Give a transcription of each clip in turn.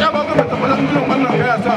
ya ba ga mata wannan kaya sa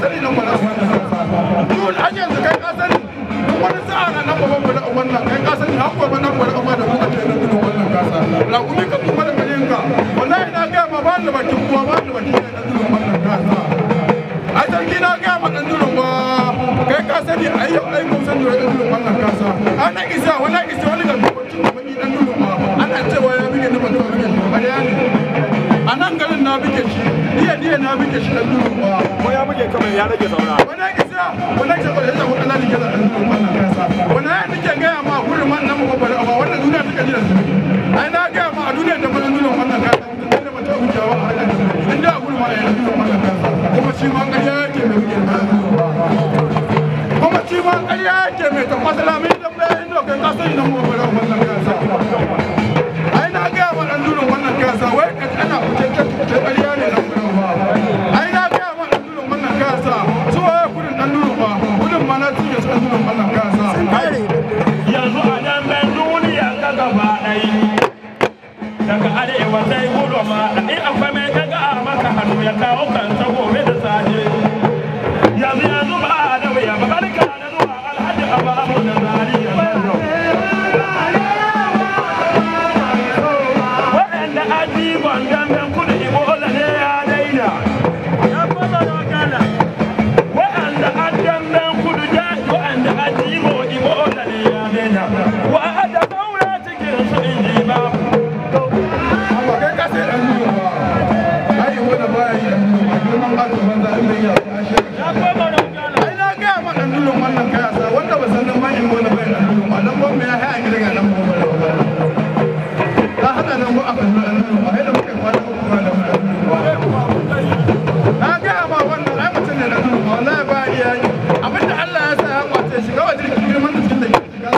ka sani nan ba nasu yun kai ka wani sa'a na nan babban bala wannan kai ka sani har gobe nan bala amma da kuka kai na gudun wannan gasa rakumi ka kuma da kalin ka wallahi na gaya ma ba ni bakin kuwa ba ni bakin na gudun wannan gasa a sarki na gaya ma dan durin ba kai ka sani a yau ai mun san durin durin wannan a' na isa wala isa wani ga lokacin da baki dan durin ba ana cewa ya bige ni ban taɓa bige shi ba a nan garin na bige shi diya diya na bige shi dan durin ba ya muke kamar ya rage saura wannan isa wannan ce kwalle da wannan lalace n'a wannan kasa wannan nake ga ma huruman nan mu ba wannan duniya take jira daga arewa sai gudu ma in akwai daga kaga a maka hannu ya kawo kan saboda wannan kaya wanda ba san nan ba in wani bayan alhukum nan ba mu ya haya gida ga nan a ba ba ta hana nan ba a kan nan ba hai da muke kwana ko kuma da na ga ma wannan ai mutum ne na nan ba wallahi ba iya yi abinda Allah ya sa ya kwace shi ga wajen girman da cikin da ke shiga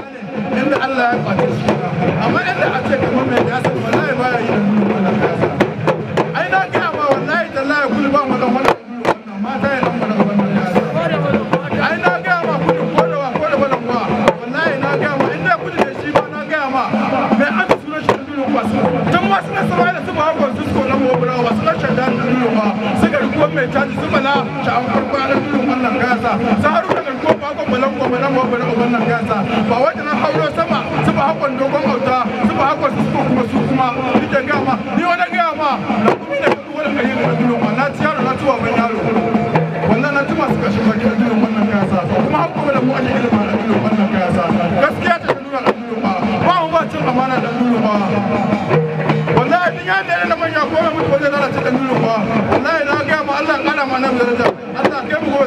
ne inda Allah ya kwace shi amma inda a ce kamar mai ya san wallahi ya yi da dunuma suka rikuwar mai caji su bala ta an farko na dunun wannan gasa su haru da rikuwa ba ko balan ko balan kwan balan ko wannan gasa ba wai na hauro sama su ba hakon dogon auta su ba hakon su ko kuma su kuma nike gama ni wani gama na kuma ina kuma wani kayi da dunuma na ci yaro na ci wa ban yaro wannan na ci masu kashin bakin dunun wannan gasa kuma hakon da mu ake ilimin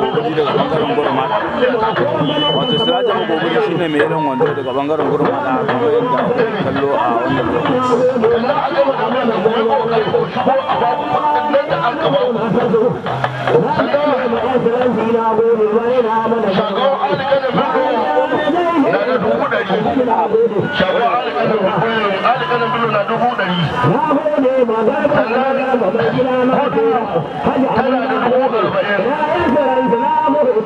magogori daga bangaren gurma wato shine mai irin wando daga bangaren gurma da kamar yadda kallo a wannan Tana da dubu ɗari.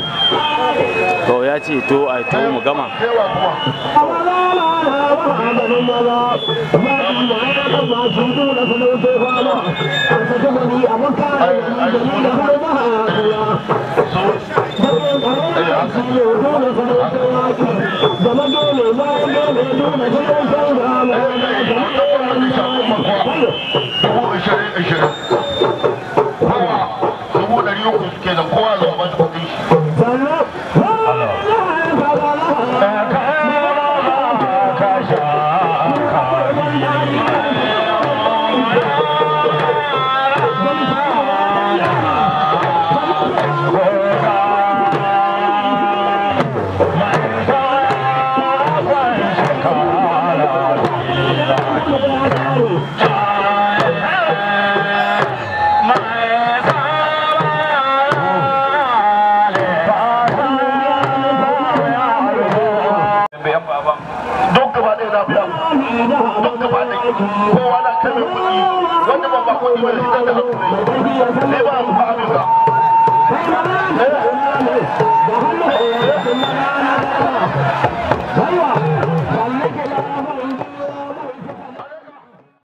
to ya ce to a to mu gama Thank you. don gaba da kowa na kai da da